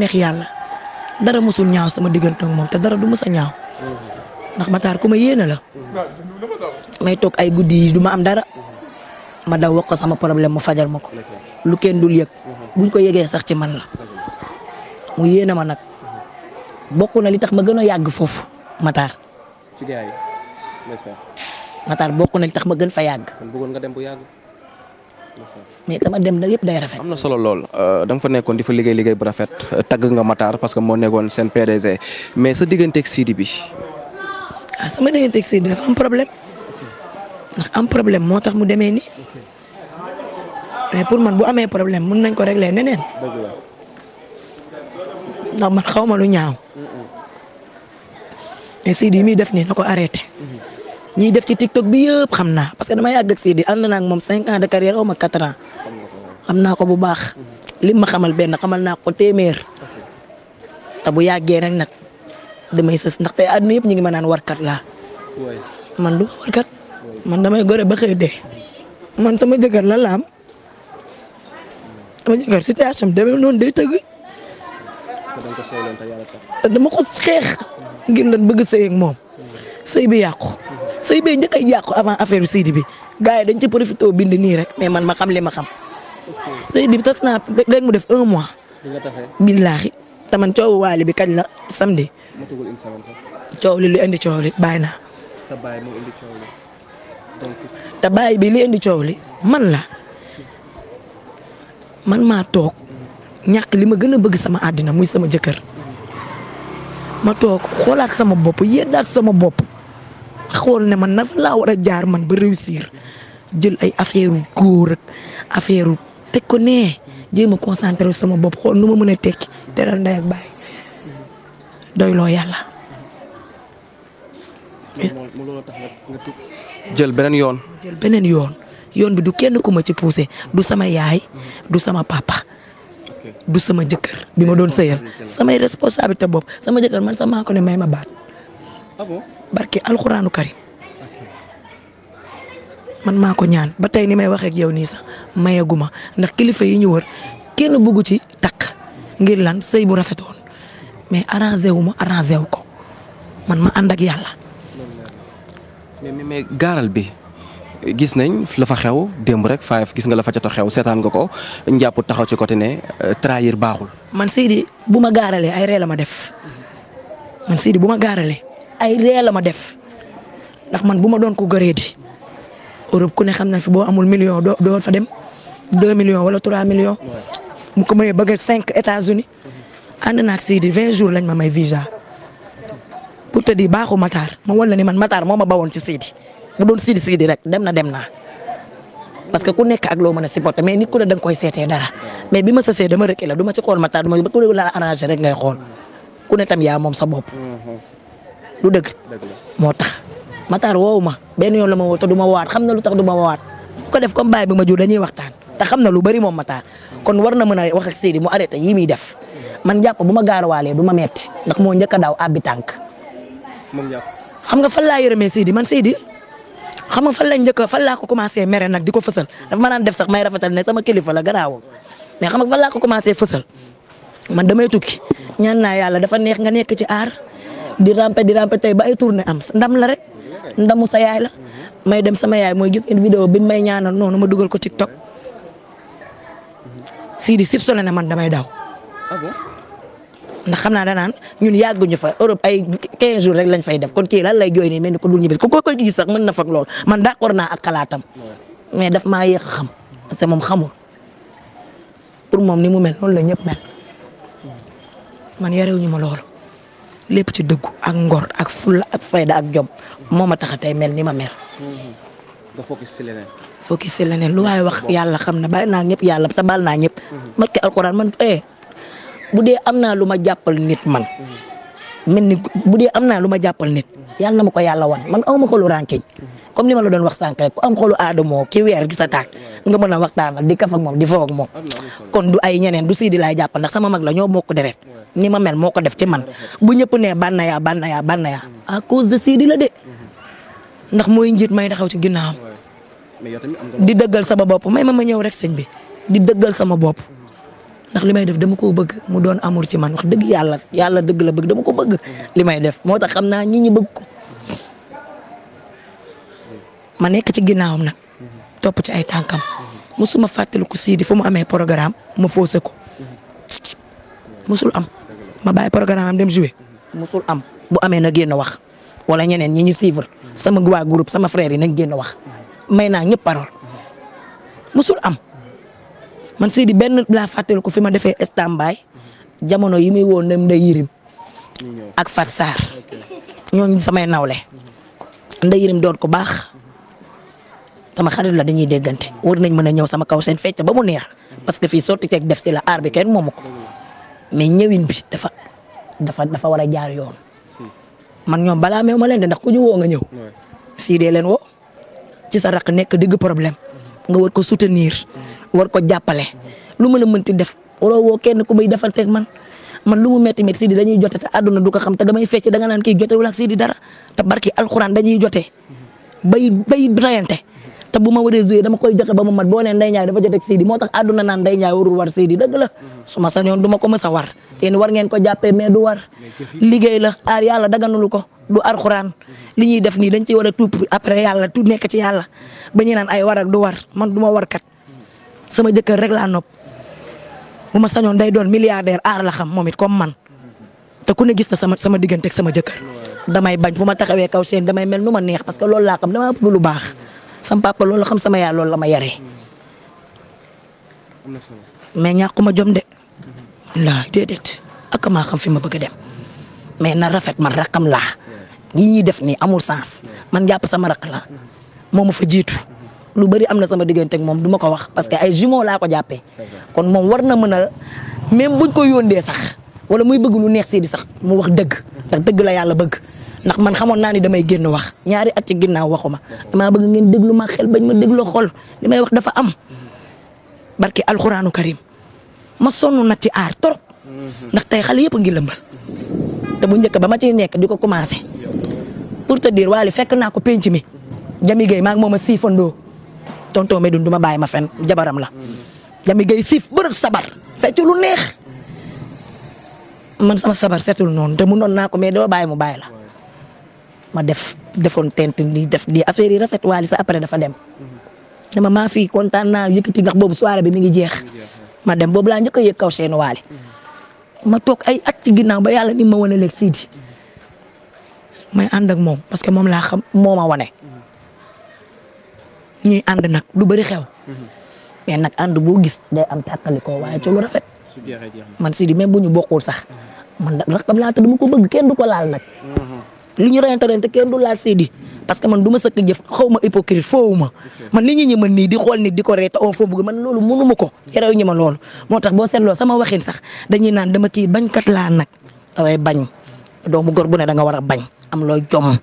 neex yàlla dara musul ñaaw sama diggante ak moom te dara du mus a ñaaw ndax Matar ku ma yéene la may toog ay guddi yi du ma am dara ma daw wax ko sama problème mu fajal ma ko lu kenn dul yëg buñ ko yëgee sax ci man la mu yéene ma nag bokk na li tax ma gën a yàgg foofu Matar. ci gars yi na tax ma gën fa yàgg. kon bëggoon dem bu yàgg. mais dama dem lépp day rafet. amna solo lol euh dama fa nekkoon difa liggey liggey bu rafet euh, tag nga Matar parce que mo nekkoon sen PDG mais sa ak Sidi bi. ah sama ak Sidi dafa am problème ndax am problème motax mu demee ni mais pour man bu amé problème mën nañ ko régler neneen. ndax man xawma lu ñaaw. mais Sidi mi def ni nako arrêter mm-hmm ñi def ci tiktok bi yëpp xamna parce que dama yagg ak Sidi and naa ak moom 5 kan ans de carrière au ma 4 ans xamna ko bu baax lim ma xamal ben xamal na ko témèr ta bu yagge nak nak damay anu sës ndax tay àdduna yëpp ñi ngi manan war kat la man du war kat man damay gore ba xey dee man sama jëgër lan la am sama jëkkër situation bi demee noonu day tëgg dama ko xeex ngir lan bëgg sey ak mom sey bi yàqu sëy be njëkk a yàqu avant affaire Sidi bi gaay dañ ci profito bind ni rek mais man ma xam li ma xam. sëy bi tas naa rek mu def 1 mois. di nga tase. billaahi te man coowu waali bi kañ la samedi. mu tugul une semaine sax. coow li lu indi coow li bàyyi sa bay mo indi coow li donc. te bi li indi coow li man la man ma tok ñak li ma gën bëgg sama adina muy sama jëkër ma tok xolaat sama bop yeddaat sama bop xool ne man na fa laa war a jaar man ba réussir jël ay affaire góor ak affaire teg ko nee jéem a concentre sama bopp xool nu ma mën a tekki te ndey ak baay doyloo yàlla. jël beneen yoon. jël beneen yoon yoon bi du kenn ku ma ci poussé du sama yaay du sama papa du sama jëkkër bi ma doon sëyal samay responsabilité bopp sama jëkkër man sax maa ko ne may ma baat. Ah barke alxuraanu kari man maa ko ñaan ba tey ni may waxee ak nii sax mayaguma ndax kilifa yi ñu wër kenn bëggu ci takk ngir lan sëy bu rafetoon mais arrangé wu ma arrangé wu ko man ma ànd ak yàlla. mais mais gaaral bi gis nañ la fa xew démb rek faayaf gis nga la fa jot xew seetaan nga ko njàpp taxaw ci côté ne euh, trahir baaxul. man Seydi bu ma gaaralee ay ree la ma def man Seydi bu ma gaaralee ay ree la ma def ndax man bu ma doon ko gëree di Europe ku ne xam na fi boo amul million do doo fa dem deux million wala trois millions mu ko mënee bëgg cinq États-Unis ànd naag sii di vingt jours lañ ma may visa pour te di baaxu Matar ma wala ni man Matar moo ba bawoon ci Sidi bu doon Sidi Sidi rek dem na dem naa parce que ku nekk ak loo mën a supporter mais nit ku ne da koy seetee dara mais bi ma sësee dama rëkk la ma ci xool Matar du ma ku la arrangé xool ku ne tam yaa moom sa bopp. du dëgg moo tax Matar woowu ma benn yoon la ma woo te du ma waat xam na lu tax du ma waat bu ko def comme baay bi ma jur dañuy waxtaan te xam na lu bëri moom Matar kon war na mën a wax ak Sidi mu arrêté yii muy def man jàpp bu ma gaarawaale du ma metti ndax moo njëkk a daaw àbbi tànk xam nga fan laa yërëmee Sidi man Sidi xam nga fan lañ njëkk fan laa ko commencé mere nag di ko fësal dafa ma naan def sax may rafetal ne sama kilifa la garaawul mais xam nga fan laa ko commencé fësal man damay tukki nga nekk ci aar di rampe di rampe tey ba ay tournée am ndam la rek ndamu sa yaay la may dem sama yaay mooy gis ngeen vidéo bi may ñaanal noonu ma dugal ko TikTok Sidi sib sone ne man damay daw. Ah nda xam naa danaan ñun yàgguñu fa Europe ay 15 jours rek lañ fay def kon kii lan lay jooy nii mel ni ko dul ñibbi ku ko koy gis sax mën na fa lool man d'accord naa ak kalaatam mais daf maa yéex xam parce que moom xamul pour moom ni mu mel noonu la ñëpp mel man yarewuñu ma loolu. lépp ci dëggu ak ngor ak fulla ak fayda ak job moom ma tax a tey mel ni ma mel. nga focus ci leneen. focus ci leneen wax yàlla xam na bàyyi naa ñëpp yàlla te baal naa ñëpp. man mm-hmm. kay alxuraan man eh bu dee am naa lu ma jàppal nit man. Mm-hmm. melni ni amna luma jappal lu nit yalla na ma ko yàlla wan man awma xolu rànkiñ comme lima la doon wax sank rek am xolu adamo ki weer gi sa tak nga mën a waxtaanal di kaf ak mom di fook mom kon du ay ñeneen du sidi lay jappal ndax sama mag la ñoo moko deret ni ma mel moko def ci man bu ñepp nee banaya banaya banaya à cause de sidi di la de ndax moy njit may taxaw ci ginnaawam di dëggal sama bop may ma ma ñëw rek señ bi di dëggal sama bopp ndax li may def dama koo bëgg mu doon amour ci man wax dëgg yàlla yàlla dëgg la bëgg dama ko bëgg li may def moo tax xam naa ñi ñi bëgg ko ma nekk ci ginnaawam na topp ci ay tànkam ma fàttaliku Sidi fu mu amee programme ma foose ko musul am ma bàyyi programme am dem jouer musul am bu amee na génn wax wala ñeneen ñi ñu suivre sama waa group sama frère yi nañ génn wax may naa ñëpp parole musul am man Sidi ben la fatel ko fima defé standby jamono yi muy woon dem Ndeye Yirim ak farsar Sarr ñooñu samay nawlé Ndeye Yirim doon ko bax sama xarit la dañuy déganté war nañ mëna a ñëw sama kaw seen fecc ba mu neex parce que fii sotti ceeg def si la aar bi kenn mais ñëwin bi dafa dafa dafa wara jaar yoon man ñoom bala meew ma de ndax ku ñu wo nga ñëw Sidi leen wo ci sa rak nek problème. nga war ko soutenir war ko jàppale lu mën a def waroo woo kenn ku may defanteeg man man lu mu métti métti Sidi dañuy jote te àdduna du ko xam te damay fecc da nga naan kii jotewul ak Sidi dara te barki alxuraan dañuy jotee bay bay rayante ta buma ma waree dama koy joxe ba mu mat bo ne nday Ndiaye dafa jot ak Sidi motax aduna àdduna nday Ndeye Ndiaye war Sidi deug la suma ma yon duma ko mës a war yéen war ngeen ko jappé mais du war liggéey la ar yalla daganul ko du alquran mhm. li ñi def ni dañ ci wara tup après yalla tu nekk ci yalla ba ñi naan ay war ak du war man duma war kat mhm. sama jëkkeur rek la nopp bu ma day doon milliardaire ar la xam momit comme man mhm. te ku ne gis na sama sama digënté sama jëkkeur damay bañ fu ma kaw seen damay mel numa neex parce que loolu la xam dama bëgg lu bax sama papa lolo sama ya loolu la ma yaree hmm. mais ñàkkuma jom de la nah, déedéet ak ma xam fi ma bëgg dem mais na rafet man rakam la gi ñi def ni amul sens man japp sama rak la momu fa jitu lu bari amna sama diggante ak mom duma ko wax parce que ay jumeau la ko jappé kon mom warna na même buñ ko yondé sax wala muy bëgg lu neex Sidi sax mu wax dëgg dëgg la yalla bëgg Nak man xamone nani damay genn wax ñaari at ci ginnaaw waxuma dama bëgg ngeen déglu ma xel bañ ma dégloo xol limay wax dafa am barke alquranu karim ma sonu na ci ar torop nak tay xale yëpp ngi lembal da bu ñëk ba ma ci nekk diko commencé pour te dire wali fekk na ko penc mi jami gay maag moom a tonto tonton medun duma ma ma fen jabaram la jami gay siif bërëb sabar fecc lu neex man sama sabar setul non, te mu non nako me do mu ma def defon tent ni def di affaire yi rafet walisa sa après dafa dem. dama ma fi contane na yekati ndax bobu soirée bi mi ngi jeex. ma dem bobu la ñëk yek kaw seen wali ma tok ay acc ci ginnaw ba yalla ni ma wone lek Sidi. may and ak mom parce que mom la xam moma wone ñi and nak lu bari xew. Mhm. mais nak and bo gis day am tàkkalikoo waye ci lu rafet. man Sidi même buñu bokul sax. man nag la laata dama ko bëgg kenn du ko laal nak mhm. li ñu reyante reyante kenn du laal Seydi parce que man du ma sëkk jëf xaw ma hypocrite foowu ma man li ñu ñi mën nii di xool nii di ko reeta on foo bëgg man loolu ma ko yarew ñi ma loolu moo tax boo seetloo sama waxin sax dañuy naan dama ci bañkat laa nag daway bañ doomu góor bu ne da nga war a bañ am looy jom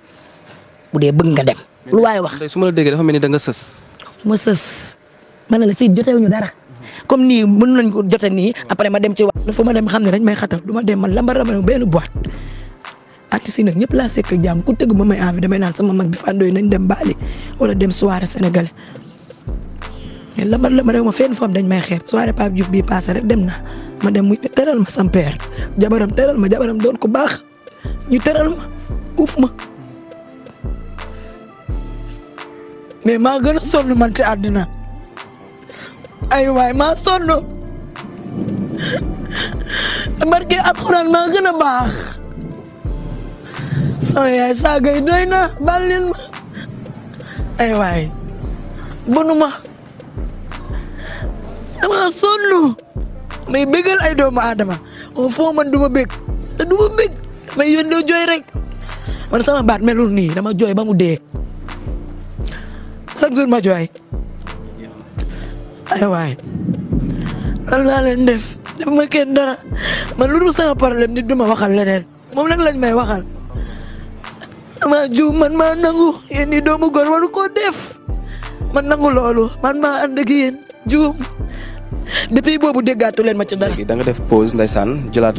bu dee bëgg nga dem waaye wax su ma la déggee dafa mel ni da nga ma sës ma ne la si jotewuñu dara comme nii mën nañ ko jote nii après ma dem ci wax dafa ma dem xam ne dañ may xatal du ma dem man lamba rama benn boîte artistes yi nag ñëpp laa sekk jàmm ku tëgg ma may envie damay naan sama mag bi fàndooy nañ dem wala dem soirée sénégalais mais lambar lambar rek ma fenn foofu dañ may xeeb soirée Pape Diouf bii passé rek dem na ma dem muy teral ma sam père jabaram teral ma jabaram doon ko baax ñu teral ma uuf ma mais maa gën a sonn man ci àddina ay waay maa sonn barke maa gën a Oh, eh, oh, sama yaay saaga yi doy na baal leen ma ay waay bonu ma dama sonn may bégal ay doomu aadama au fond man du ma bég te du ma bég may jooy rek man sama baat melul nii dama jooy ba mu dee chaque jour ma jooy ay waay lan laa leen def def ma kenn dara man lu dul sama problème nit du ma waxal leneen moom nag lañ may waxal dama juum man maa nangu yéen doomu góor waru koo def man nangu loolu man maa ànd ak yéen juum depuis boobu déggaatu leen ma ci dara. da nga def pause ndeysaan jëlaat.